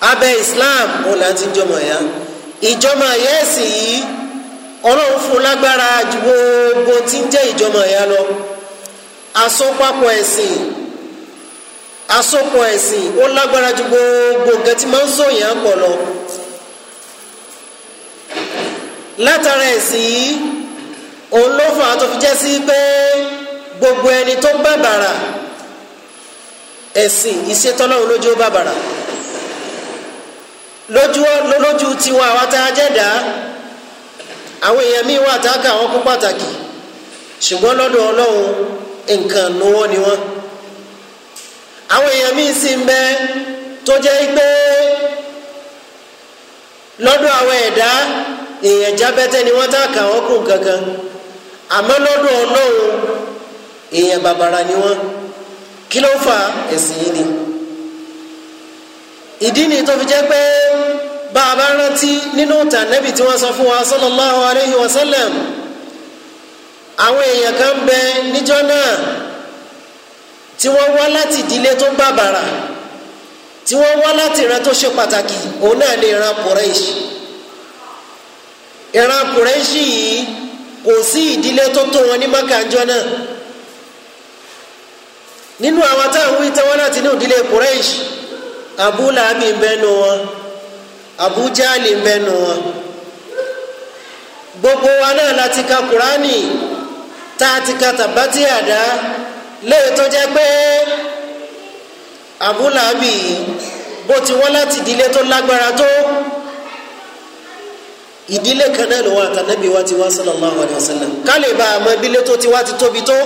abẹ́ islam ó là ti ń jọmọ ya ìjọmọ ya ẹ̀sìn yìí ọlọ́run fún lágbára ju gbogbo tí ń jẹ́ ìjọmọ ya lọ àsopapọ̀ ẹ̀sìn àsopọ̀ ẹ̀sìn ó lágbára ju gbogbo nǹkan tí máa ń sòyàn pọ̀ lọ látara ẹ̀sìn yìí òun ló fà á tó fi jẹ́ sí pé gbogbo ẹni tó bàbàrà ẹ̀sìn ìṣètọ́lọ́run lójú bàbàrà. lójú tiwa àwa tá a jẹ́dá àwọn èèyàn wà tá a kà pàtàkì ṣùgbọ́n lọ́dọ̀ ọlọ́run nǹkan lówó ni wọ́n àwọn èèyàn míì sì ń bẹ tó jẹ́ pé lọ́dọ̀ àwọn ẹ̀dá èèyàn jábẹ́tẹ́ ni wọ́n a lọ́dọ̀ ìdí ni tó fi jẹ́ pé bá a bá rántí nínú ìtàn nẹ́bì tí wọ́n sọ fún wa sallallahu alayhi wa sallam àwọn èèyàn kan ń bẹ níjọ́ náà tí wọ́n wá láti ìdílé tó bàbàrà tí wọ́n wá láti ìran tó ṣe pàtàkì òun náà ni ìran Quraish ìran Quraish yìí kò sí ìdílé tó tó wọn ní mọ́kànjọ́ náà nínú àwọn táwọn wí tẹ́wọ́n láti ní ìdílé Quraish abúlàmì ń bẹnu wọn abújáàlì ń bẹnu wọn gbogbo wa náà láti ka kúránì tá a ti ka tàbátì àdá léyìí tó jẹ́ pé abúlàmì bó ti wá láti ìdílé tó lágbára tó ìdílé kan náà ló wà tànàbí wa ti wá sallallahu alayhi wa sallam ká lè bá ìdílé tó ti wá ti tóbi tó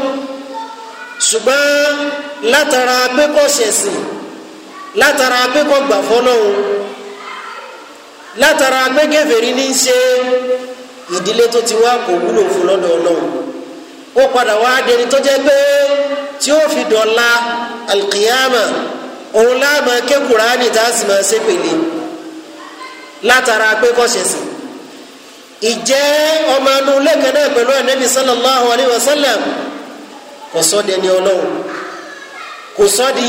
ṣùgbọ́n látara pé kò ṣẹ̀sìn látara akpékọ gbà fọlọ́hún látara akpékèfèrí ní í ṣe ìdílé tó ti wá kò wúlò fún lọ́dọ̀ ọlọ́hún ó padà wá dẹni tó jẹ́ pé tí ó fi dọ̀la alkiyama òun láàmà ké kuraani tá a sì máa ṣe pèlè látara akpékọ ṣẹ̀sìn ìjẹ́ ọmọ inú lẹ́kàn náà pẹ̀lú anabi sallallahu alayhi wa sallam kò sọ́ dẹni ọlọ́hún kò sọ́ di.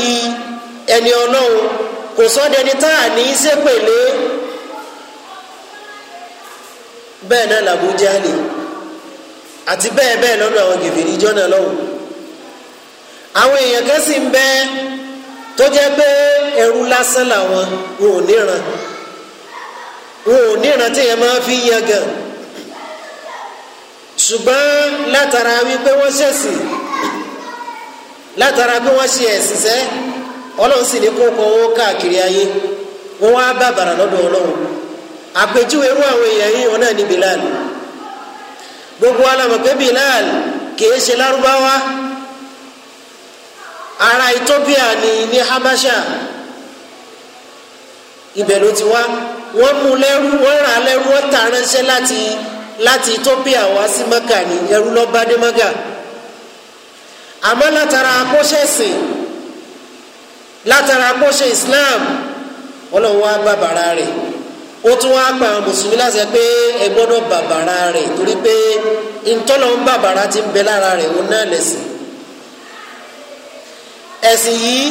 ẹni ọlọ́run kò sọ́dẹni tá taa ní í ṣépèlé bẹ́ẹ̀ náà làbú jáde àti bẹ́ẹ̀ bẹ́ẹ̀ lọ́dọ̀ àwọn gèfèrè ìjọ náà lọ́wọ́ àwọn èèyàn kan sì ń bẹ tó jẹ́ pé ẹrú lásán làwọn wọn ò níran wọn ò níran tí yẹn máa fi yan gan ṣùgbọ́n látara wípé wọ́n ṣẹ̀sìn látara pé wọ́n ṣe ẹ̀sìn sẹ́ẹ́. ọlọ́run sì ní kó kọ owó káàkiri ayé wọ́n wá bàbàrà lọ́dọ̀ ọlọ́run àpèjúwe irú àwọn èèyàn yìí wọn náà ní Bilal gbogbo alamọ̀ pé Bilal kìí ṣe lárúbáwá ará Ethiopia ní ní Habasha ibẹ̀ ló ti wá wọ́n mú lẹ́rú wọ́n rà lẹ́rú wọ́n tà ránṣẹ́ láti láti Ethiopia wá sí Maka ní ẹrú lọ́ba dé Maka àmọ́ látara akọ́ṣẹ́sìn látara kó ṣe islam ọlọ́run wá gbà bàrà rẹ̀ ó tún wá pa mùsùlùmí láti ẹ pé ẹ gbọ́dọ̀ bàbàrà rẹ̀ torí pé ntọ́lọ́ ń bàbàrà ti ń bẹ lára rẹ̀ òun náà lẹ̀sìn ẹ̀sìn yìí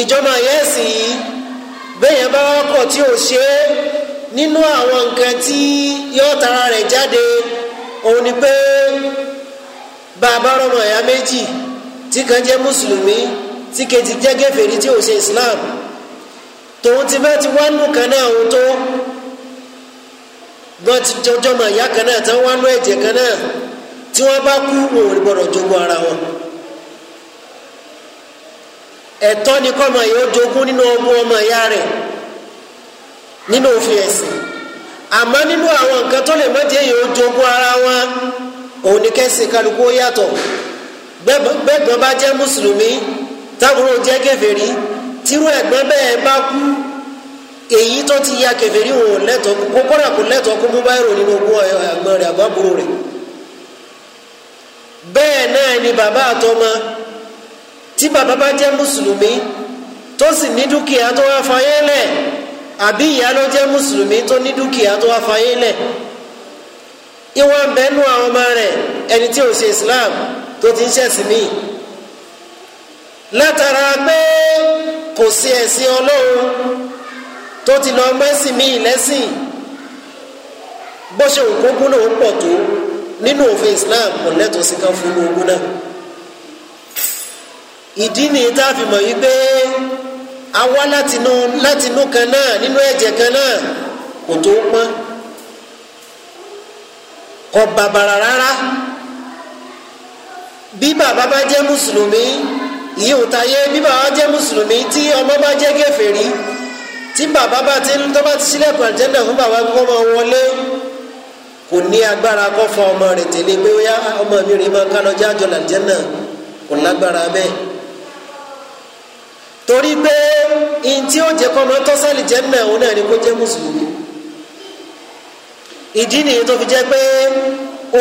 ìjọba yẹn ẹ̀sìn yìí bẹ́ẹ̀ yẹn bá kọ̀ tí ò ṣe é nínú àwọn nǹkan tí yóò tara rẹ̀ jáde òun ni pé bàbá ọmọ ìyá méjì tí kan jẹ́ mùsùlùmí tí kejì jẹ́ kèfèrí tí ò ṣe islam tòun ti bá ti wá nù kan náà òun tó wọn ti jọjọ mọ ìyá kan náà tí wọn wá nù ẹ̀jẹ̀ kan náà tí wọn bá kú wọn ò ní gbọ́dọ̀ jogún ara wọn ẹ̀tọ́ ni kọmọ yìí ó jogún nínú ọmọ ọmọ ìyá rẹ̀ nínú òfin ẹ̀sìn àmọ́ nínú àwọn nǹkan tó lè mọdé yìí ó jogún ara wọn òun ni kẹsìn kálukú ó yàtọ̀ gbẹgbọn bá jẹ́ mùsùlùmí tábúrò jẹ́ kèfèrí tírú ẹ̀gbọ́n bẹ́ẹ̀ bá kú èyí tó ti ya kèfèrí wò lẹ́tọ̀ọ́ kó kọ́nà kó lẹ́tọ̀ọ́ kó mú báyìí nínú ogún ẹ̀gbọ́n rẹ̀ àgbàbúrò rẹ̀ bẹ́ẹ̀ náà ni bàbá àtọmọ tí bàbá bá mùsùlùmí tó sì ní dúkìá tó wá fayé lẹ̀ àbí ìyá ló mùsùlùmí tó ní dúkìá tó wá fayé lẹ̀ ìwọ̀n bẹ́ẹ̀ nù àwọn ọmọ ẹni tí ṣe Islam tó ti ń látara pé kò sí ẹ̀sìn ọlọ́run tó ti lọ mẹ́sìn mí lẹ́sìn bó ṣe òkú ogún lòún pọ̀ tó nínú òfin Islam kò lẹ́tọ̀ọ́ sí kan fún ogún náà ìdí nìyí tá a fi mọ̀ wípé a wá látinú látinú kan náà nínú ẹ̀jẹ̀ kan náà kò tó pọ́n kò bàbàrà rárá bí bàbá bá jẹ́ mùsùlùmí ìyóò tayé bí bàbá jẹ́ mùsùlùmí tí ọmọ bá jẹ́ kèfèrí tí bàbá bá ti ń tó bá ti sílẹ̀kùn àjẹ́nà fún bàbá kó máa wọlé kò ní agbára kó fọ ọmọ rẹ̀ tẹ̀lé pé ó yá ọmọ mi rèé máa ká lọ jájọ làjẹ́nà kò lágbára bẹ́ẹ̀ torí pé ihun tí ó jẹ́ kó máa tọ́sálì jẹ́nà òun náà ni kó jẹ́ mùsùlùmí ìdí nìyí tó fi jẹ́ pé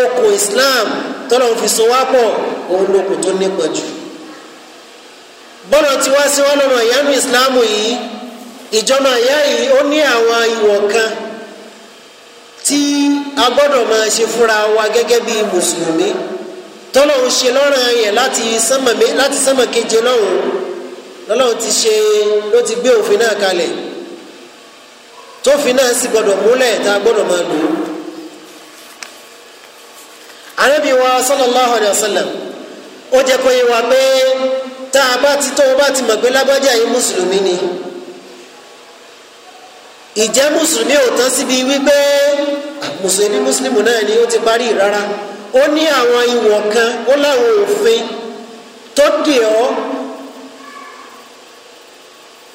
okùn Islam tọ́lọ́ fi so wá pọ̀ òun lókùn tó nípa jù bọ́lọ̀ tí wá sí wọn lọ́nà ìyanu ìsìláàmù yìí ìjọba ìyá yìí ó ní àwọn ìwọ̀ kan tí a gbọ́dọ̀ máa ṣe fúnra wa gẹ́gẹ́ bí mùsùlùmí tọ́lọ̀ ń ṣe lọ́ràn yẹn láti sánmà mi láti sánmà keje lọ́hùn lọ́lọ́hùn ti ṣe ló ti gbé òfin náà kalẹ̀ tófin náà sì gbọ́dọ̀ múlẹ̀ tá a gbọ́dọ̀ máa lò ó. Ànábì wa sallallahu alayhi wa sallam ó jẹ́ kó wa pé tá a bá ti tọ́ ọ bá ti mọ̀ pé lágbájá yìí mùsùlùmí ni ìjẹ́ mùsùlùmí ò tán síbi wípé ah, mùsùlùmí mùsùlùmí náà ni ó ti parí rárá ó ní àwọn ìwọ̀n kan ó láwọn òfin tó dè ọ́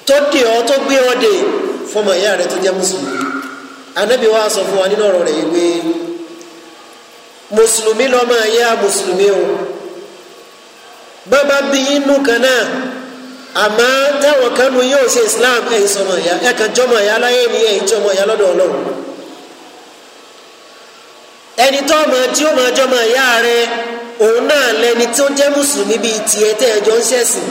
tó dè ọ́ tó gbé ọ́ dè fọmọ ìyá rẹ tó jẹ́ mùsùlùmí anábì wa sọ fún wa nínú ọ̀rọ̀ rẹ̀ yìí pé mùsùlùmí lọ́mọ ìyá mùsùlùmí o. bàbá bí inú kan náà àmọ́ táwọn kanu yóò ṣe islam ẹ̀ sọmọ ìyá ẹ̀ kan jọmọ ìyá ni jọmọ ìyá lọ́dọ̀ ọlọ́run ẹni tó ọmọ tí ó máa jọmọ ìyá rẹ òun náà lẹni tó jẹ́ mùsùlùmí bíi tiẹ̀ tẹ́ ẹ jọ ń ṣẹ̀sìn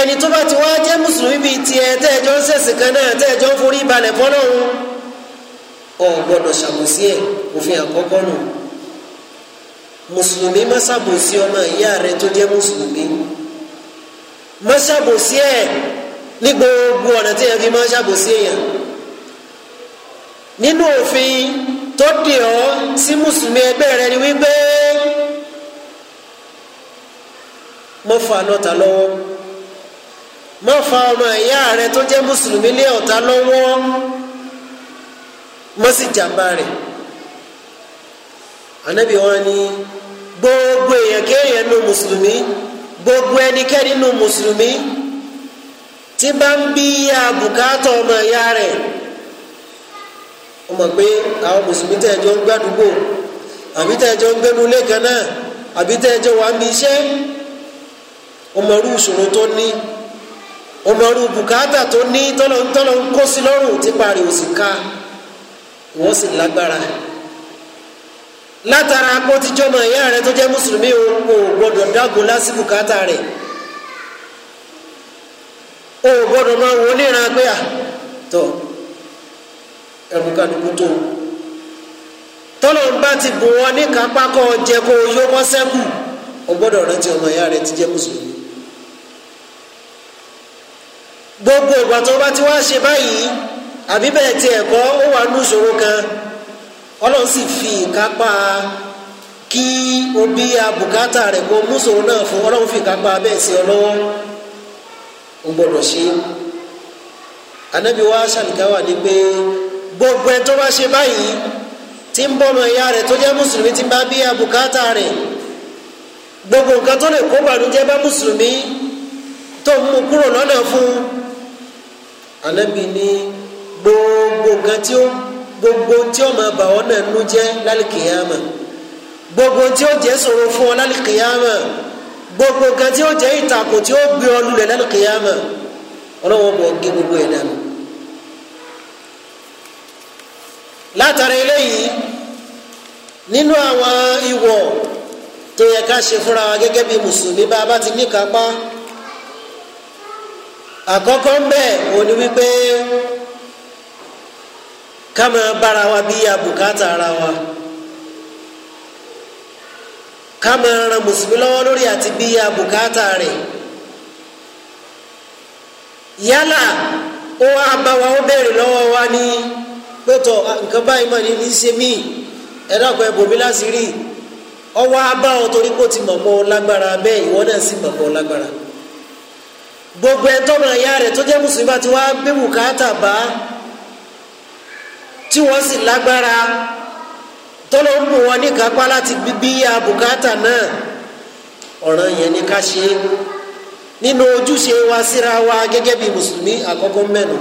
ẹni tó bá ti wá jẹ́ mùsùlùmí bíi tiẹ̀ tẹ́ ẹ jọ ń ṣẹ̀sìn kan náà tẹ́ ẹ jọ ń forí balẹ̀ fọ́lọ́run ò gbọ́dọ̀ ṣàkóso ẹ̀ òfin àkọ́kọ́ nù. mùsùlùmí má ṣàbòsí ọmọ ìyá rẹ tó jẹ́ mùsùlùmí má ṣàbòsí ẹ̀ ní gbogbo ọ̀nà tí ẹ fi má ṣàbòsí èèyàn nínú òfin tó dè ọ́ sí mùsùlùmí ẹgbẹ́ rẹ ni wípé mọ́ fa lọ́ta lọ́wọ́ mọ́ fa ọmọ ìyá rẹ tó jẹ́ mùsùlùmí lé ọ̀tá lọ́wọ́ mọ́ sì jàmbá rẹ̀ anabi wọn ni gbogbo èèyàn kéèyàn nù mùsùlùmí gbogbo ẹnikẹ́ni nù mùsùlùmí tí bá ń bí ya bùkátà ọmọ ìyá rẹ̀ ó mọ̀ pé àwọn mùsùlùmí tẹ̀ jọ ń gbàdúgbò àbí tẹ̀ jọ ń gbẹ́nu ilé kan náà àbí tẹ̀ jọ wà ń bí iṣẹ́ ọmọrú ìṣòro tó ní ọmọrú bùkátà tó ní tọ́lọ́ ń kó sí lọ́rùn tí parí òsì ká wọ́n sì lágbára látara kó ti jọmọ ìyá rẹ tó jẹ́ mùsùlùmí o kò gbọ́dọ̀ dágo lásìkò kátà rẹ̀ o gbọ́dọ̀ máa wọ oníran pé à tọ ẹrù kálukú tó tọ́lọ̀ ń bá ti bò wọ́n ní kápákọ̀ jẹ kó o yó wọ́n sẹ́kù o gbọ́dọ̀ rántí ọmọ ìyá rẹ ti jẹ́ mùsùlùmí gbogbo ìgbà tó bá ti wá ṣe báyìí àbí bẹ́ẹ̀ tiẹ̀ kọ́ ó wà nù ìṣòro kan ọlọ́run sì fi ìkápá kí o bí abùkátà rẹ̀ kó mùsòrò náà fún ọlọ́run fi ìkápá bẹ́ẹ̀ sí ọ lọ́wọ́ o gbọ́dọ̀ ṣe anabi wa ṣàlìkáwà ni pé gbogbo ẹ tó bá ṣe báyìí tí ń bọ́ ọmọ ìyá rẹ̀ tó jẹ́ mùsùlùmí tí bá bí abùkátà rẹ̀ gbogbo nǹkan tó lè kó bànújẹ́ bá mùsùlùmí tó ń mú kúrò lọ́nà fún anabi ni gbogbo nǹkan tí ó ń gbogbo tí ó máa bà ọ́ náà nú jẹ́ lálìkìyàmà gbogbo tí ó jẹ́ ṣòro fún ọ lálìkìyàmà gbogbo kan tí ó jẹ́ ìtàkùn tí ó gbé ọ lulẹ̀ lálìkìyàmà ọlọ́wọ́ bọ̀ gé gbogbo ẹ̀ dànù. látara eléyìí nínú àwọn ìwọ̀ tó yẹ ká ṣe fúnra wa gẹ́gẹ́ bí mùsùlùmí bá a bá ti ní kápá àkọ́kọ́ ń bẹ òní wípé. ká máa wa bí abùkátà ara wa ran lórí àti bí bukata rẹ yálà ó wá bá wa ó béèrè lọ́wọ́ wa ní pẹ̀tọ̀ nǹkan báyìí mà ní ní ṣe mí láti rí ọwọ́ abá ọ ti lágbára gbogbo ẹ̀ ẹ̀yà tó jẹ́ bá ti wá tí wọ́n sì lágbára tọ́lọ́ ń bù wọn ní kápá láti gbígbí àbùkátà náà ọ̀ràn yẹn ni ká ṣe é nínú ojúṣe wa síra wa gẹ́gẹ́ bí mùsùlùmí àkọ́kọ́ mẹ́nu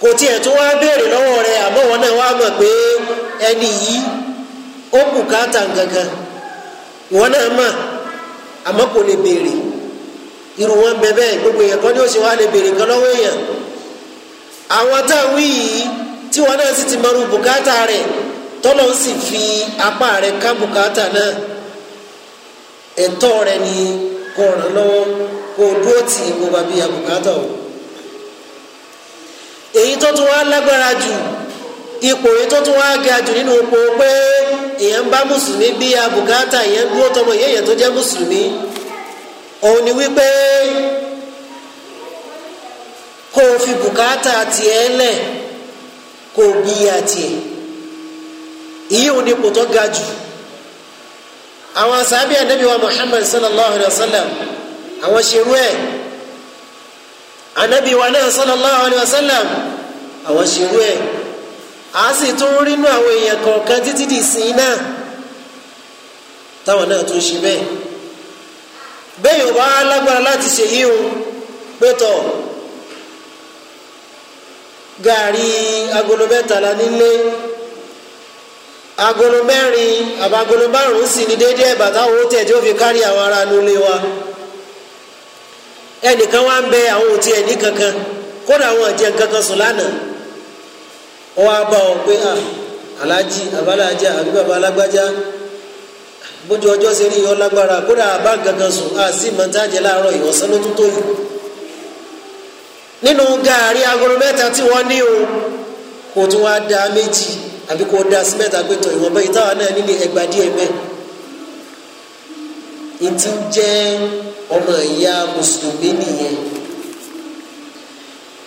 kò tiẹ̀ tó wá béèrè lọ́wọ́ rẹ àmọ́ wọn náà wá mọ̀ pé ẹni yìí ó bùkátà gangan wọn náà mọ̀ àmọ́ kò lè béèrè irun wọn bẹ bẹ́ẹ̀ gbogbo èèyàn kan ní ó sì wá lè béèrè kan lọ́wọ́ èèyàn àwọn táwọn yìí tí wọn náà sì ti mọrú bùkátà rẹ̀ ń sì fi apá re ká bùkátà náà eto re ni kó ràn lọ́wọ́ kó dúró tì í o èyí tó tún wá lágbára jù ipò èyí tó tún wá ga jù nínú ipò pé èèyàn bá mùsùlùmí bí abùkátà èèyàn dúró tọmọ ìyẹn tó jẹ́ mùsùlùmí òun ni wípé kó o fi bùkátà tiẹ̀ lẹ̀ kó o bí ìyá tiẹ̀ ìyí ò ní kòtò ga jù àwọn sàbí ànábì wa Muhammad sallallahu alayhi wa sallam àwọn ṣerú ẹ̀ ànábì wa náà sallallahu alayhi wa sallam àwọn ṣerú ẹ̀ a sì tún rínú àwọn èèyàn kọ̀ọ̀kan títí di sìn náà táwọn náà tún ṣe bẹ́ẹ̀ bẹ́ẹ̀ yóò bá lágbára láti ṣe yíyún pé tọ̀ gaari agolo mẹ́tàlá nílé agolo mẹ́rin àbá agolo márùn-ún sì ní déédéé ẹ̀bà táwọn ó tẹ̀ tí ó fi kárí àwọn ará nílé wa ẹnìkan wá ń bẹ àwọn òtí ẹ̀ní kankan kódà àwọn ọ̀jẹ̀ kankan sùn lánàá ó wá bá ọ pé ah, aláàjì abáláàjà àbí bàbá alágbájá bójú ọjọ́ ṣe rí lágbára kódà àbá kankan sùn àti mọ̀ntàjẹ́ láàárọ̀ ìwọ̀sán ló tún tó yìí. nínú gaari agolo mẹ́ta tí wọ́n ní o kò tún wá da méjì àbí kò da sí mẹ́ta pé tọ ìwọ̀n bẹ́ẹ̀ táwa náà nílé ẹgbàá díẹ̀ mẹ́ ìtì jẹ́ ọmọ ìyá mùsùlùmí nìyẹn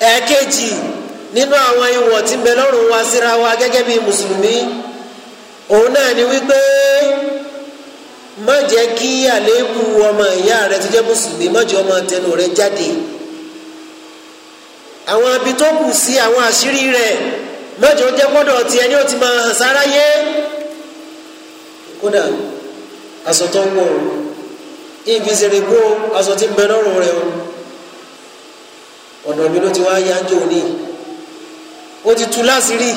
ẹ̀ẹ́kejì nínú àwọn ìwọ̀n tí ń wá síra wa gẹ́gẹ́ bí mùsùlùmí òun náà ni wípé má jẹ́ kí àléébù ọmọ ìyá rẹ tó jẹ́ mùsùlùmí má jẹ́ ọmọ tẹnu rẹ jáde. àwọn abi tó kù sí àwọn àṣírí rẹ̀ mọ́jọ jẹ́ gbọ́dọ̀ tiẹ̀ ni ó ti máa hàn sáráyé kódà aṣọ tó ń wọ̀ ibi ìṣeré gbó aṣọ tí ń bẹ lọ́rùn rẹ̀ o ọ̀nà mi ló ti wá yánjọ ní o ti tú láṣìírí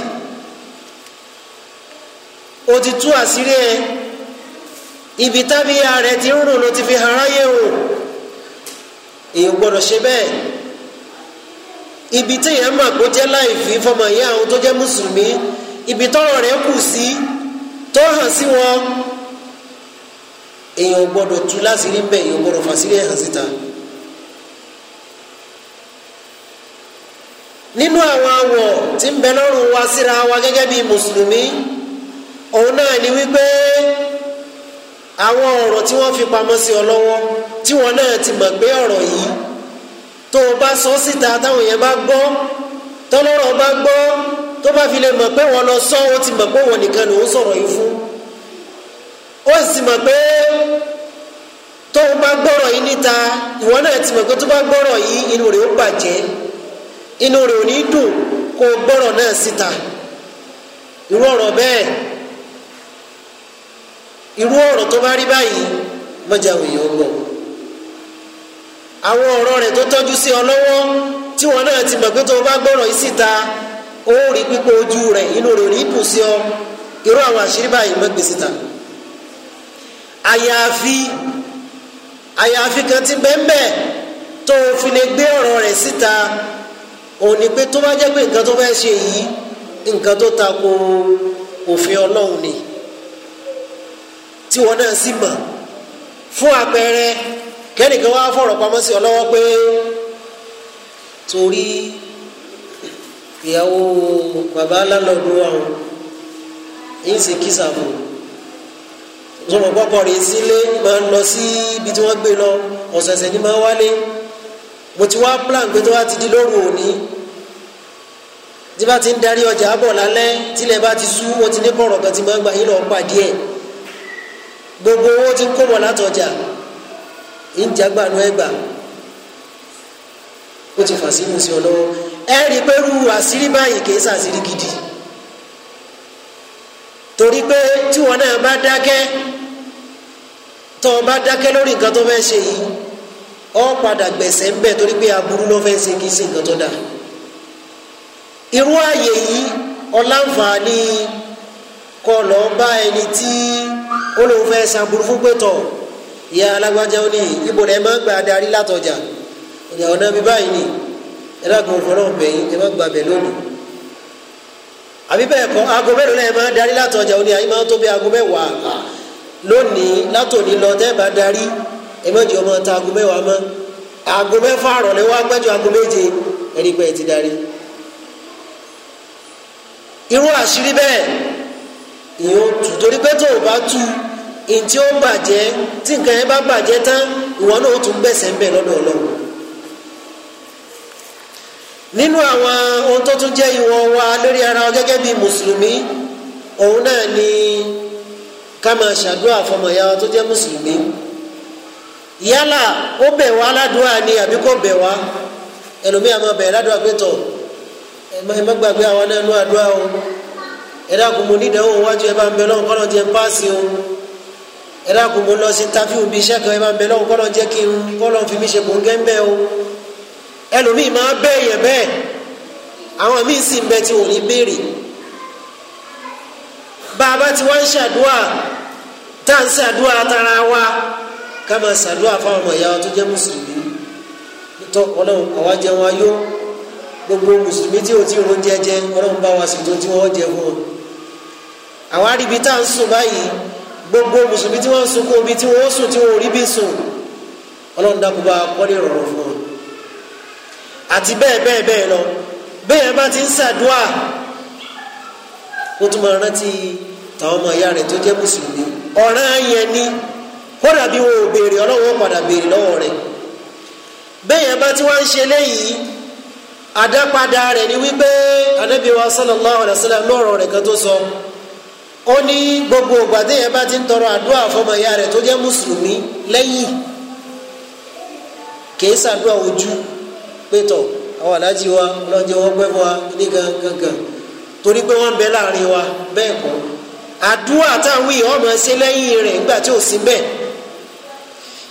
o ti tú àṣírí ẹ ibi tábíyà rẹ ti ń rùn ló ti fi hàn ráyè o èyí gbọ́dọ̀ ṣe bẹ́ẹ̀. ibi téèyàn mà kó jẹ́ láì fi fọmọ ìyá àwọn tó jẹ́ mùsùlùmí ibi tọrọ re kù sí tó hàn sí wọn èèyàn gbọ́dọ̀ tú láṣìírí bẹ́ẹ̀ èèyàn gbọ́dọ̀ fàṣírí ẹ̀ hàn síta. nínú àwọn ti tí ń bẹ lọ́rùn wa síra wa gẹ́gẹ́ bíi mùsùlùmí òun náà ni wípé àwọn ọ̀rọ̀ tí wọ́n fi pamọ́ sí ọ lọ́wọ́ tí wọ́n ti mọ̀ pé ọ̀rọ̀ yìí tó o bá sọ síta táwọn yẹn bá gbọ́ tọ́lọ́rọ̀ bá gbọ́ tó bá fi lè mọ̀ pé wọ́n lọ sọ ó ti mọ̀ pé wọ́n nìkan ló ń sọ̀rọ̀ yìí fún ó sì mọ̀ pé tó o bá gbọ́rọ̀ yìí níta ìwọ náà ti mọ̀ pé tó bá gbọ́rọ̀ yìí inú rẹ̀ ó bàjẹ́ inú rẹ̀ ò ní dùn kó o gbọ́rọ̀ náà síta irú ọ̀rọ̀ bẹ́ẹ̀ irú ọ̀rọ̀ tó bá rí báyìí mọ̀jà òye ọgbọ̀n àwọn ọ̀rọ̀ rẹ̀ tó tọ́jú sí ọ lọ́wọ́ tí wọn náà ti mọ̀ pé tó o bá gbọ́rọ̀ yìí síta ó rí pípọ̀ ojú rẹ̀ inú rẹ̀ rí dùn sí ọ irú àwọn àṣírí báyìí mẹ́gbẹ̀ síta. àyàfi àyàfi kan ti bẹ́ẹ̀ tó o fi lè gbé ọ̀rọ̀ rẹ̀ síta ò ní pé tó bá jẹ́ pé nǹkan tó fẹ́ ṣe yìí nǹkan tó ta ko òfin ọlọ́run ni tí wọn náà sì mọ̀ fún àpẹẹrẹ. kẹ́nìkan wá fọ̀rọ̀ pamọ́ sí ọ lọ́wọ́ pé torí ìyàwó bàbá lálọ́dún àwọn yìí ṣe kí sàbò sọ̀rọ̀ pọ́pọ́ rẹ̀ sílé máa ń lọ sí ibi tí wọ́n gbé lọ ọ̀sẹ̀ọ̀sẹ̀ ni máa wálé mo ti wá plan pé ti di lóru ti ń ọjà lálẹ́ tílẹ̀ bá ti sú ti ní bọ̀rọ̀ kan ti máa ń gbogbo owó ti kó ìjàgbánu ẹgbà ó ti fà sínú sí ọ lọ́wọ́ ẹ rí i pé rú àṣírí báyìí kì í ṣàṣírí gidi torí pé tí wọn náà bá dákẹ́ tó o bá dákẹ́ lórí nǹkan tó fẹ́ ṣe yìí ọ padà gbẹ̀sẹ̀ ń bẹ̀ torí pé aburú ló fẹ́ ṣe kì í ṣe nǹkan tó dáa irú àyè yìí ọ̀làǹfààní kọ bá ẹni tí ó lóun fẹ́ ṣàbùrú fún pé tọ̀ ìyá alágbájá ó ní ibo rẹ máa ń gba adarí látọjà ìyàwó náà bí báyìí ni ẹlẹ́gùn fọlọ́n bẹ̀yìn ẹ máa gba bẹ̀ lónìí àbí bẹ́ẹ̀ kọ́ aago mẹ́rin lẹ́yìn máa darí látọjà ó ní àyè máa tó bí aago mẹ́wàá lónìí látòní lọ tẹ́ bá darí ẹ má jẹ́ ọmọ ta aago mẹ́wàá mọ́ aago mẹ́fà àrọ̀lẹ́ wá gbẹ́jọ aago méje ẹni pé ti darí irú àṣírí bẹ́ẹ̀ ìyóò tù torí pé tó ntí ó bàjẹ́ tí nǹkan yẹn bá bàjẹ́ tán ìwọ náà ó tún gbẹ̀sẹ̀ ńbẹ̀ lọ́dọ̀ ọlọ́run nínú àwọn ohun tó tún jẹ́ ìwọ wa lórí ara wa gẹ́gẹ́ bíi mùsùlùmí òun náà ni ká máa ṣàdúrà fọmọya wa tó jẹ́ mùsùlùmí yálà ó bẹ̀ wá ládùúrà ni àbí kò bẹ̀ wá ẹlòmíì bẹ̀ ládùúrà pé tọ̀ ẹ má gbàgbé o ẹ dákun mo wájú ẹ bá ń bẹ ẹ dákun mo lọ sí interview bí iṣẹ́ kan ẹ máa ń bẹ lọ́wọ́ kọ́ lọ́n jẹ́ kí n kọ́ lọ́n fi mí ṣe gbòǹgẹ́ ń bẹ́ o ẹlòmíì máa bẹ́ẹ̀ yẹn bẹ́ẹ̀ àwọn míì sì ń bẹ tí wọ́n béèrè bá a bá ti wá ń ṣàdúrà tá à ń ṣàdúrà tara wa ká máa ṣàdúrà fáwọn ọmọ ìyá wa tó jẹ́ mùsùlùmí tó ọlọ́run àwa jẹ wọn yó gbogbo mùsùlùmí tí o ti rún jẹjẹ ọlọ́run bá wa sì tó tí wọ́n jẹ fún wọn gbogbo musulmi tí wọn ń sunkún omi tí wọ́n sùn tí wọ́n ò rí bí sùn ọlọ́run dákú bá kọ́lé rọ̀rùn fún un àti bẹ́ẹ̀ bẹ́ẹ̀ bẹ́ẹ̀ lọ bẹ́ẹ̀ bá ti ń ṣàdúà ó tún máa rántí tàwọn ọmọ ìyá rẹ̀ tó jẹ́ ni kódà bí wọn ò béèrè padà béèrè lọ́wọ́ bẹ́ẹ̀ bá ti wá ń ṣe léyìí àdápadà ni wípé anábìwá sallallahu alaihi wasallam lọ́rọ̀ rẹ̀ kan tó ó ní gbogbo ìgbà téèyàn bá ti ń tọrọ àdúrà fọmọ ìyá rẹ̀ tó jẹ́ mùsùlùmí lẹ́yìn kìí ṣàdúrà ojú pétọ̀ àwọn aláàjì wa lọ́jọ́ wọn pẹ́ fún wa ní gangan torí pé wọ́n ń bẹ láàrin wa bẹ́ẹ̀ kọ́ àdúrà táwọn èèyàn ọmọ ṣe lẹ́yìn rẹ̀ nígbà tí ò sí bẹ́ẹ̀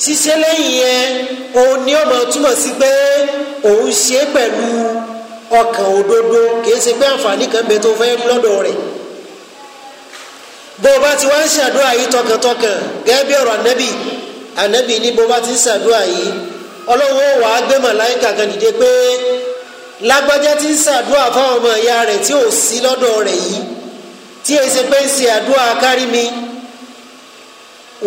ṣíṣe lẹ́yìn yẹn òun ni ọmọ túmọ̀ sí pé òun ṣe pẹ̀lú ọkàn òdodo kìí ṣe pé àǹfààní kan bẹ tó fẹ́ lọ́dọ̀ rẹ̀ bó o bá ti wá ń ṣàdúrà yìí tọkàntọkàn gẹ́gẹ́ bí ọ̀rọ̀ ànábì ànábì ní bó o bá ti ń ṣàdúrà yìí ọlọ́run ó wàá gbé màláìkà kan dìde pé lágbájá ti ń ṣàdúrà fáwọn ọmọ ìyá rẹ̀ tí ò sí lọ́dọ̀ rẹ̀ yìí tí èyí ṣe pé ń ṣe àdúrà kárí mi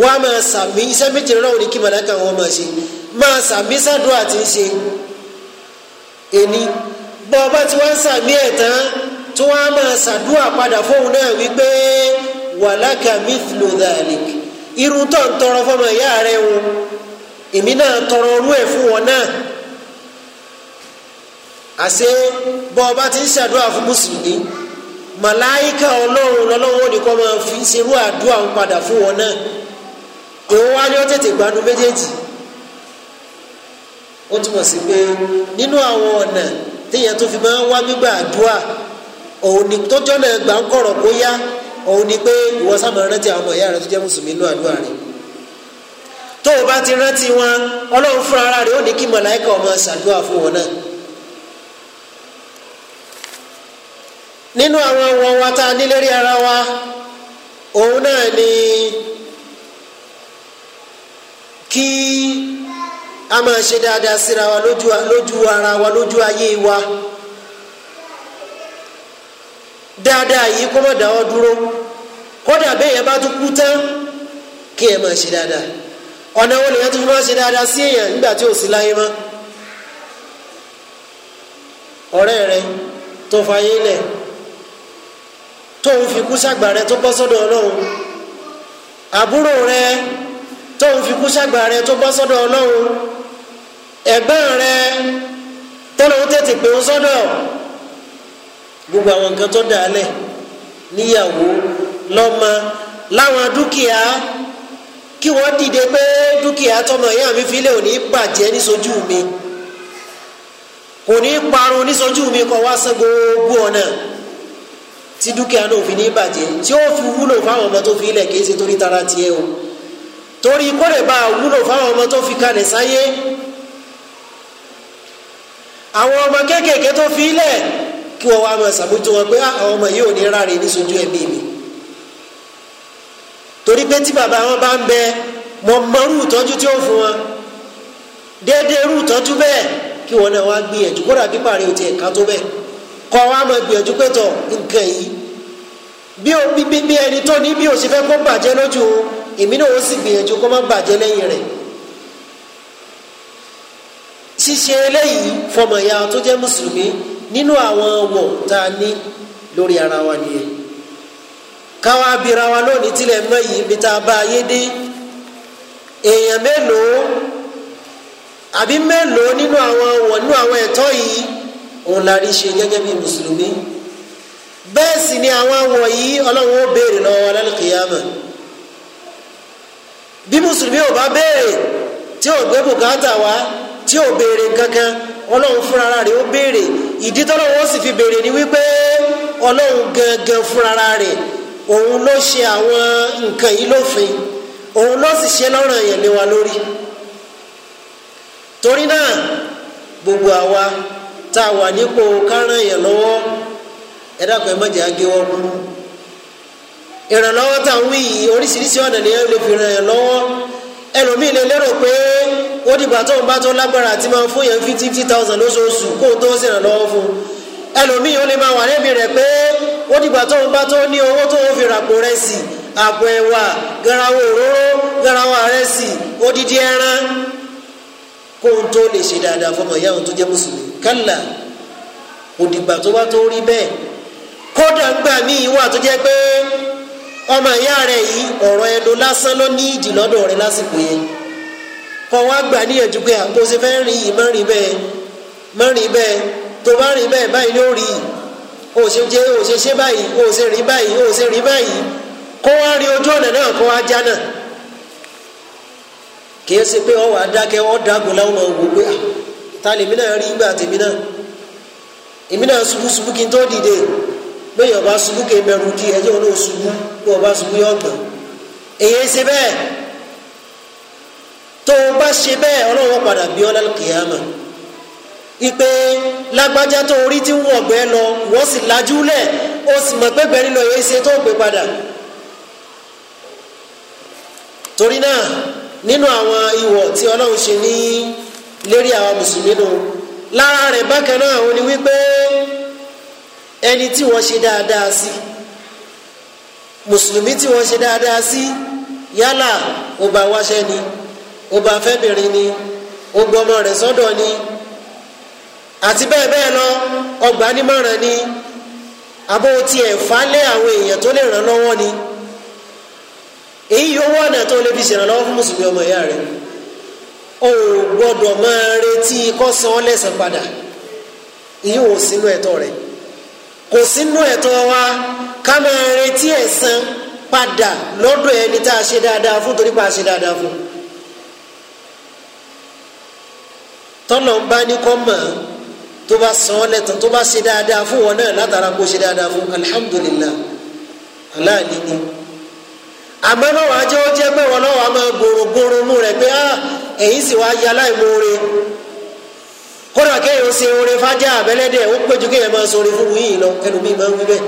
wàá máa sàmí iṣẹ́ méjì lọ́wọ́ ní kí màláìkà wọn máa ṣe máa sàmí ṣàdúrà ti ń ṣe èní bó o bá ti wá ń sàmí ẹ̀ tán tí wọ́n máa ṣàdúrà padà fóun náà wípé. wàlákà mithlu dhalik irun tó ń tọrọ fọmọ ìyá rẹ ń èmi náà tọrọ ọrú ẹ fún wọn náà ọba ti ń ṣàdúrà fún mùsùlùmí màláìka ọlọrun lọ́lọ́wọ́ ni máa fi ṣerú àdúrà ń padà fún wọn náà èwo wá ní ó tètè gbanú méjèèjì ó túmọ̀ sí pé nínú àwọn ọ̀nà téèyàn fi máa ń wá gbígbà àdúrà òun ni tó jọ́nà ẹgbàá ń kọ̀rọ̀ kó yá òun ni pé ìwọ sábà rántí àwọn ọmọ ìyá rẹ tó jẹ́ mùsùlùmí ló àdúrà rẹ tó o bá ti rántí wọn ọlọ́run fúnra ara rẹ ó ní kí màláìka ọmọ ṣàdúrà fún wọn náà nínú àwọn àwọn wa tá a ní lérí ara wa òun náà ni kí a máa ṣe dáadáa síra wa lójú ara wa lójú ayé wa. Lójú dáadáa yìí kó má dáwọ́ dúró kódà bẹ́ẹ̀ yẹn bá tún kú tán kí ẹ máa ṣe dáadáa ọ̀nà wo lèyàn tún máa ṣe dáadáa sí èèyàn nígbà tí ò sí láyé mọ́ ọ̀rẹ́ rẹ tó fayé lẹ̀ tóun fi kú rẹ tó bọ́ sọ́dọ̀ ọlọ́run fi kú rẹ tó bọ́ sọ́dọ̀ ọlọ́run gbogbo àwọn nǹkan tó dàálẹ̀ níyàwó lọ́mọ láwọn dúkìá kí wọ́n dìde pé dúkìá tọmọ ìyá mi filẹ̀ ò ní bàjẹ́ níṣojú mi kò ní parun níṣojú mi kọ́ wá sẹ́ gbogbo ọ̀nà tí dúkìá náà fi ní bàjẹ́ tí ó fi wúlò fáwọn ọmọ tó fi ilẹ̀ kì í ṣe torí tara tiẹ̀ o torí kórè bá wúlò fáwọn ọmọ tó fi kalẹ̀ sáyé àwọn ọmọ kéékèèké tó fi kí wọ́n wá máa ṣàbójútó wọn pé ah, àwọn ọmọ yìí ò ní ráre ní sojú mi torí pé tí bàbá wọn bá ń bẹ mọ mọrú ìtọ́jú tí ó fún wọn déédéé rú ìtọ́jú bẹ́ẹ̀ kí wọn náà wá gbìyànjú kódà bí pàrẹ òtí ẹka tó bẹ́ẹ̀ kọ wa máa gbìyànjú pé tọ̀ nǹkan yìí bí o bí bí ẹni tó ní bí o sì fẹ́ kó bàjẹ́ lójú o èmi náà ó sì gbìyànjú kó má bàjẹ́ lẹyìn rẹ ṣíṣe eléyìí fọmọ ìyá tó jẹ́ mùsùlùmí nínú àwọn wọ̀ tá a ní lórí ara wa nìyẹn káwa bira wa lónìí tilẹ̀ mọ́ yìí bí tá a bá ayé dé èèyàn mélòó àbí mélòó nínú àwọn wọ̀ nínú àwọn ẹ̀tọ́ yìí òun la rí ṣe gẹ́gẹ́ bí mùsùlùmí bẹ́ẹ̀ sì ni àwọn àwọ̀ yìí ọlọ́run ó béèrè lọ́wọ́ wa lálùkìyàmà bí mùsùlùmí ò bá béèrè tí ò gbé bùkátà wá tí ò béèrè kankan ọlọ́run fúnra rẹ̀ ó béèrè ìdí sì fi béèrè ni wípé ọlọ́run gangan fúnra rẹ̀ òun ló ṣe àwọn nǹkan yìí lófin òun ló sì ṣe lọ́rọ̀ yẹn wa lórí torí náà gbogbo àwa tá a wà nípò kárán yẹn lọ́wọ́ ẹ dákun ẹ agéwọ́ ìrànlọ́wọ́ tá a wí yìí oríṣiríṣi ọ̀nà lọ́wọ́ ó dìgbà tó ń bá tó lágbára àti máa fún yẹn fifty thousand lóṣooṣù kó o tó ṣèrànlọ́wọ́ fún un ẹlòmíì ó lè máa wà níbi rẹ̀ pé ó dìgbà tó ń bá tó ní owó tó ń fi ràpò rẹ̀ sí àpò ẹ̀wà garawo òróró garawo sí odidi ẹran kó n tó lè ṣe dáadáa fọmọ ìyá òun tó jẹ́ mùsùlùmí kálá òdìgbà tó bá tó rí bẹ́ẹ̀ kódà gbà míì wà tó jẹ́ pé ọmọ ìyá rẹ̀ yìí ọ̀rọ̀ ẹnu lásán ló ní ìdí rẹ̀ lásìkò yẹn àwọn àgbà níyànjú pé àbò ṣe fẹ́ rìn yìí má rìn bẹ́ẹ̀ má rìn bẹ́ẹ̀ tó bá rìn bẹ́ẹ̀ báyìí ló rí o ṣe jẹ́ o ṣe ṣe báyìí o ṣe rìn báyìí o ṣe rìn báyìí kó wá rí ojú ọ̀nà náà kó wá já náà kì í ṣe pé ọ wà dákẹ́ ọ dàgbò láwọn ọmọ òwò pé ta lèmi náà rí ìgbà tèmi náà èmi náà ṣubú ṣubú kí n tó dìde bẹ́ẹ̀ ọba ṣubú kì í mẹ́rù di ẹjọ́ náà ṣubú bí ọba ṣubú yọ̀ gbọ̀n èyí ṣe bẹ́ẹ̀ tó o bá ṣe bẹ́ẹ̀ ọlọ́wọ́ padà bí ọ́ lálùkìyàmà ìpè lágbájá tó orí tí ń wọ̀ ọ̀gbẹ́ lọ wọ́n sì lajú lẹ̀ ó sì mọ̀ pé gbẹ́ni lọ yẹn ṣe tó gbé padà torí náà nínú àwọn ìwọ̀ tí ọlọ́run ṣe ní lérí àwọn mùsùlùmí nù lára rẹ̀ bákan náà ó ní wípé ẹni tí wọ́n ṣe dáadáa sí mùsùlùmí tí wọ́n ṣe dáadáa sí yálà ó wáṣẹ́ ni. Si, ó bá fẹ́bìnrin ni ó gbọ́mọ rẹ̀ sọ́dọ̀ ni àti bẹ́ẹ̀ bẹ́ẹ̀ lọ ọgbà nímọ̀ràn ni abó tiẹ̀ falẹ̀ àwọn èèyàn tó lè ràn lọ́wọ́ ni èyí yòówó ọ̀nà tó lè fi ṣèrànlọ́wọ́ fún mùsùlùmí ọmọ ìyá rẹ̀ o gbọ́dọ̀ máa retí kó san ọ́ padà èyí ò sínú ẹ̀tọ́ rẹ̀ kò sínú ẹ̀tọ́ wa ká máa retí ẹ̀san padà lọ́dọ̀ ẹni tá a ṣe dáadáa fún torí a ṣe dáadáa fún un. tọ́lọ̀ ń bá ní kọ́ mọ̀ tó bá san ọ́ lẹ́tọ̀ tó bá ṣe dáadáa fún wọn náà látara kó ṣe dáadáa fún alihamudulilayi aláàní ni àmọ́ náà wàá jẹ́ ó jẹ́ pé wọn náà wàá máa gbòrògbòrò nù rẹ̀ pé ah èyí sì wáá ya láìmoore kódà kéèyàn ṣe oore fájà àbẹ́lẹ́dẹ̀ ó péjú kéèyàn máa sọre fún wíyìn lọ ẹlòmíì máa ń wí bẹ́ẹ̀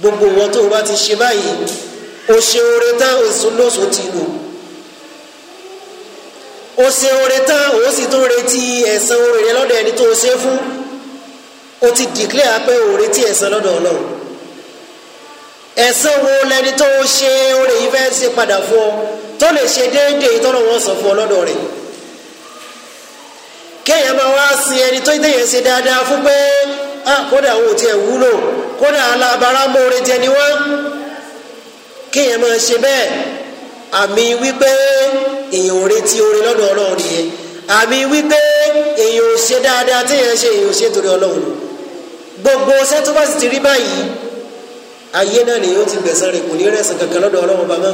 gbogbo wọn tó o bá ti ṣe báyìí o ṣe oore tán o sún lóṣù o se oore tán o sì tún retí ẹ̀san oore yẹn lọ́dọ̀ ẹni tó o se fún o ti declare pé o retí ẹ̀san lọ́dọ̀ ọlọ́run ẹ̀san wo lẹni tó o ṣe oore yìí fẹ́ ṣe padà fún ọ tó lè ṣe déédéé tọ́nà wọn sọ fún ọ lọ́dọ̀ rẹ̀ kéèyàn máa wá sin ẹni tó déyẹn ṣe dáadáa fún pé ah, kódà àwọn ò tiẹ̀ wúlò kódà alábàárà mọ́ oore jẹ ni wọ́n kéèyàn máa ṣe bẹ́ẹ̀ àmì wípé èèyàn ò retí oore lọ́dọ̀ ọlọ́run nìyẹn àmì wípé èèyàn ò ṣe dáadáa téèyàn ṣe èèyàn ò ṣe torí ọlọ́run gbogbo ṣẹ́ tó bá sì ti rí báyìí ayé náà ni yóò ti gbẹ̀san rẹ̀ kò ní rẹ̀san kankan lọ́dọ̀ ọlọ́run bàmá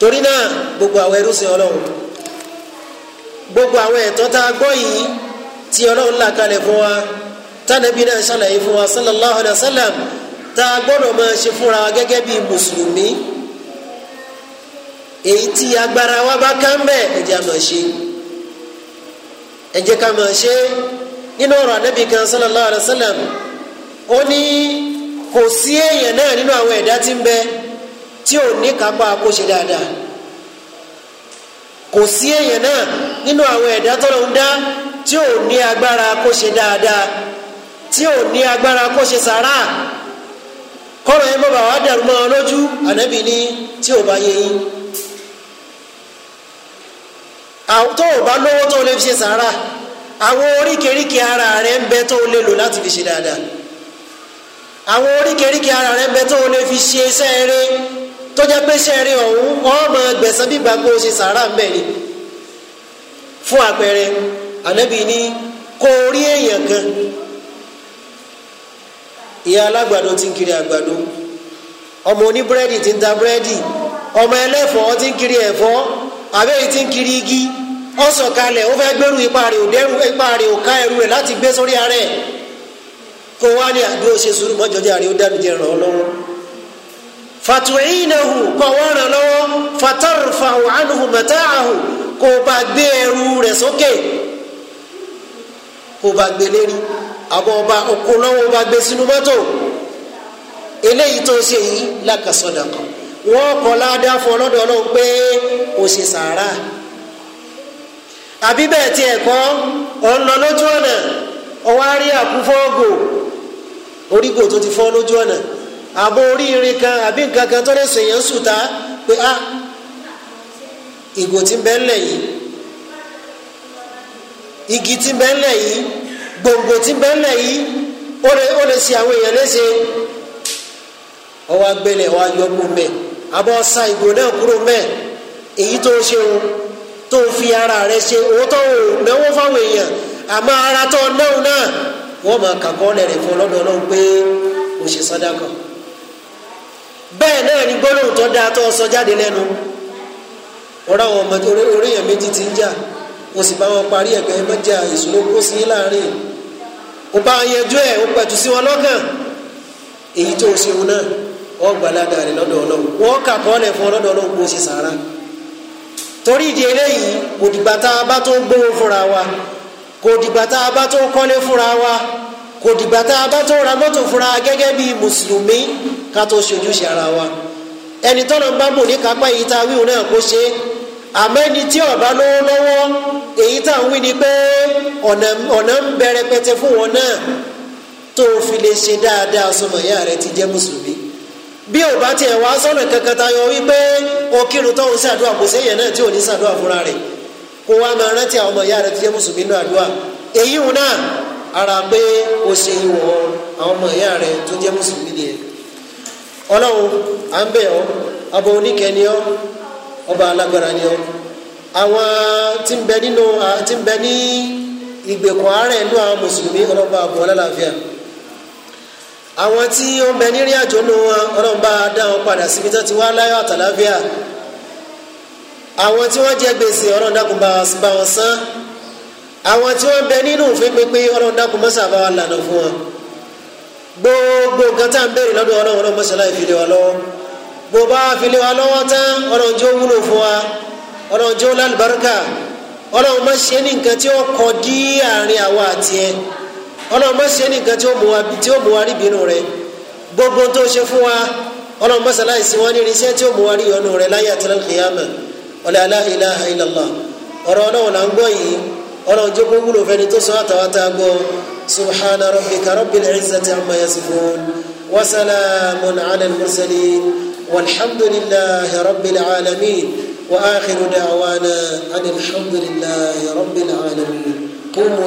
torí náà gbogbo àwọn ẹrú sin ọlọ́run gbogbo àwọn ẹ̀tọ́ tá a gbọ́ yìí tí ọlọ́run là kalẹ̀ fún wa tánàbí náà ṣàlàyé fún wa sallallahu alayhi wa sallam tá a gbọ́dọ̀ máa ṣe fúnra gẹ́gẹ́ bíi mùsùlùmí èyí tí agbára wa bá ká ń bẹ ẹ jẹ́ àmọ̀ ṣe ẹ jẹ́ ṣe nínú ọ̀rọ̀ anábì kan sallallahu alayhi wa sallam ó ní kò sí èèyàn náà nínú àwọn ẹ̀dá tí ń bẹ tí ò ní kápá kó ṣe dáadáa kò sí èèyàn náà nínú àwọn ẹ̀dá tó lọ́n dá tí ò ní agbára kó dáadáa tí ò ní agbára kó sàrà kọ́rọ̀ yẹn bọ́ bá dàrú mọ́ ọ lójú ànábì ní tí ò bá yẹ yín. tó o bá lówó tó o lè fi ṣe sàárà àwọn ara rẹ ń bẹ tó o lè fi ṣe dáadáa àwọn oríkèéríkèé ara rẹ ń bẹ tó fi ṣe iṣẹ́ eré tó jẹ́ pé iṣẹ́ eré ọ̀hún ọmọ gbẹ̀sán bí o ṣe sàárà ń ni fún àpẹẹrẹ ànábì ní kan ìyá alágbàdo ti ń kiri àgbàdo ọmọ oníbúrẹ́dì ọmọ ẹlẹ́fọ̀ọ́ ti ń kiri ẹ̀fọ́ àbẹ́yìí ti igi ó sọ̀kalẹ̀ ó fẹ́ gbẹ́rù ipa rẹ̀ ò dẹ́rù ipa rẹ̀ ò ká ẹrù rẹ̀ láti gbé sórí ara ẹ̀ kó wá ní àdúró ṣe sùúrù mọ́jọ́jà rẹ̀ ó dẹ́rù jẹ ràn ọ́ lọ́wọ́ fàtúwìnàhù kọ́ wọ́n ràn lọ́wọ́ fàtàrùfà ànùhù mẹ́tàáhù kó bá gbé ẹrù rẹ̀ sókè kó bá gbé lérí àbọ̀ ọba òkú lọ́wọ́ bá gbé sínú mọ́tò eléyìí tó ṣe yìí lákàsọ̀dà kan wọ́n kọ́ ládàá fún ọlọ́dọ̀ pé ó ṣe sàárà àbí bẹ́ẹ̀ tiẹ̀ kọ́ ọ̀ ń lọ lójú ọ̀nà ọwọ́ á rí àkúfọ́ọ̀gò orígò tó ti fọ́ lójú ọ̀nà àbò orí irin kan àbí nǹkan kan tó lè sèyàn sùtá pé a ah, ìgò tí ń bẹ ńlẹ̀ yìí igi tí ń bẹ ńlẹ̀ yìí gbòǹgbò tí ń bẹ ńlẹ̀ yìí ó lè ó lè ṣe àwọn èèyàn léṣe ọwọ́ agbélé ọwọ́ ayọ́kú mẹ́ àbọ̀ ọ̀sà ìgò náà kúrò mẹ́ èyí tó ṣe òun. tó fi ara rẹ ṣe owó tó ò náwó fáwọn èèyàn àmọ́ ara tó náwó náà wọ́n máa kàkọ́ lẹ́rìn fún pé o ṣe sàdákà bẹ́ẹ̀ náà ni gbólóhùn tó dáa tó sọ jáde lẹ́nu ọ̀rọ̀ àwọn ọmọ orí èèyàn méjì ti ń jà o sì bá wọn parí ẹ̀gbẹ́ mẹ́jà ìṣòro kó sí láàrin o bá wọn yẹjú ẹ̀ o pẹ̀tù sí wọn lọ́gàn èyí ọ ọlọ́run kó o ṣe sàárà. torí ìdí eléyìí kò dìgbà tá a bá tó gbówó fúnra wa kò dìgbà tá a bá tó kọ́lé fúnra wa kò dìgbà tá a bá tó ra mọ́tò fúnra gẹ́gẹ́ bí mùsùlùmí ká tó ṣojúṣe ara wa ẹni tọ́nà bá mọ̀ ní kápá èyí tá a wíwò náà kó ṣe àmọ́ ẹni tí ọ̀bá lówó lọ́wọ́ èyí tá à ń wí ni pé ọ̀nà ń bẹ̀rẹ̀ pẹ̀tẹ̀ fún wọn náà tó fi lè ṣe dáadáa sọmọ ìyá rẹ ti jẹ́ mùsùlùmí bí ò bá tiẹ̀ wá sọ́nà kankan tayọ wípé o kírun tó ń ṣàdúrà kò séyẹn náà tí ò ní ṣàdúrà fúnra rẹ̀ kó wá máa rántí àwọn ọmọ ìyá rẹ̀ tó mùsùlùmí náà àdúrà èyí náà ara pé o ṣe ìwọ̀ àwọn ọmọ ìyá rẹ̀ tó jẹ́ mùsùlùmí nìyẹn ọlọ́run à ń bẹ̀ ọ́ ọba oníkẹ́ ni ọ́ ọba àwọn tí ó ń bẹ nírìn àjò nù wọn ọlọ́run bá dá wọn padà síbi tó ti wá láyọ̀ àtàláfíà àwọn tí wọ́n jẹ gbèsè ọlọ́run dákun bá wọn san àwọn tí wọ́n bẹ nínú òfin pínpín ọlọ́run dákun mọ́sà bá wa lànà fún wọn gbogbo nǹkan tá à ń béèrè lọ́dọ̀ ọlọ́run ọlọ́run mọ́sà láì fi lé wa lọ́wọ́ bó bá fi lé wa lọ́wọ́ tán ọlọ́run jẹ́ wúlò fún wa ọlọ́run jẹ́ lálùbáríkà ọlọ́run ọlọ́run má ṣe nìkan tí ó mú wa tí ó mú wa rí bínú rẹ gbogbo tó ṣe fún wa ọlọ́run má ṣàlàyé sí wọn ní irinṣẹ́ tí ó mú wa rí ọ̀nà rẹ láyé àti lálùkìyàmà ọ̀lẹ́ la ilaha illallah ọ̀rọ̀ ọlọ́run là ń gbọ́ yìí ọlọ́run jókòó wúlò fẹ́ni tó sọ àtàwátà gbọ́ subhana rabbika rabbil izzati amma yasifun wa salamun ala al-mursalin wa akhiru da'wana anil hamdulillahi rabbil